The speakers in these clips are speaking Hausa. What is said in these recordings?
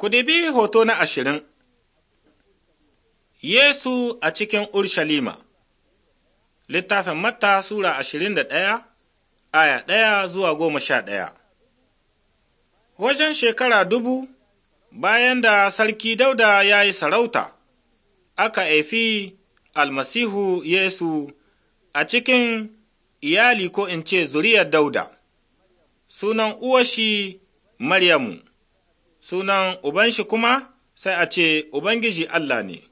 Ku dibi hoto na ashirin, Yesu a cikin Urshalima, littafin Matta Sura ashirin da ɗaya, aya ɗaya zuwa goma sha ɗaya. Wajen shekara dubu, bayan da Sarki Dauda ya yi sarauta, aka haifi almasihu Yesu a cikin iyali ko in ce zuriyar Dauda, sunan uwashi Maryamu. sunan Ubanshi kuma sai a ce Ubangiji Allah ne,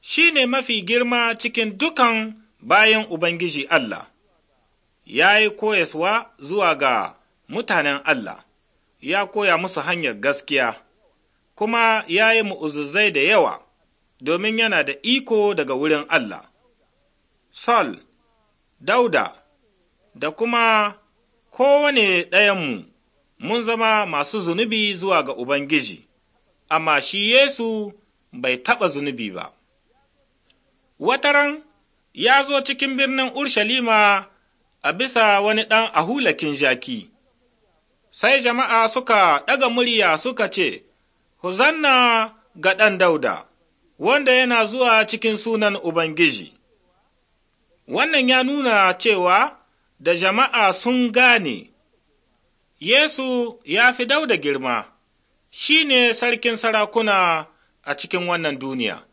shi ne mafi girma cikin dukan bayan Ubangiji Allah, ya yi koyaswa zuwa ga mutanen Allah, ya koya musu hanyar gaskiya, kuma ya yi mu'uzuzai da yawa domin yana da iko daga wurin Allah. Sol, Dauda, da kuma kowane ɗayanmu mun zama masu zunubi zuwa ga Ubangiji, amma shi Yesu bai taɓa zunubi ba. Wataran ya zo cikin birnin Urshalima a bisa wani ɗan a hulakin jaki, sai jama'a suka ɗaga murya suka ce, Huzanna ga ɗan dauda, wanda yana zuwa cikin sunan Ubangiji. Wannan ya nuna cewa da jama'a sun gane Yesu ya fi dauda girma, shi ne sarkin sarakuna a cikin wannan duniya.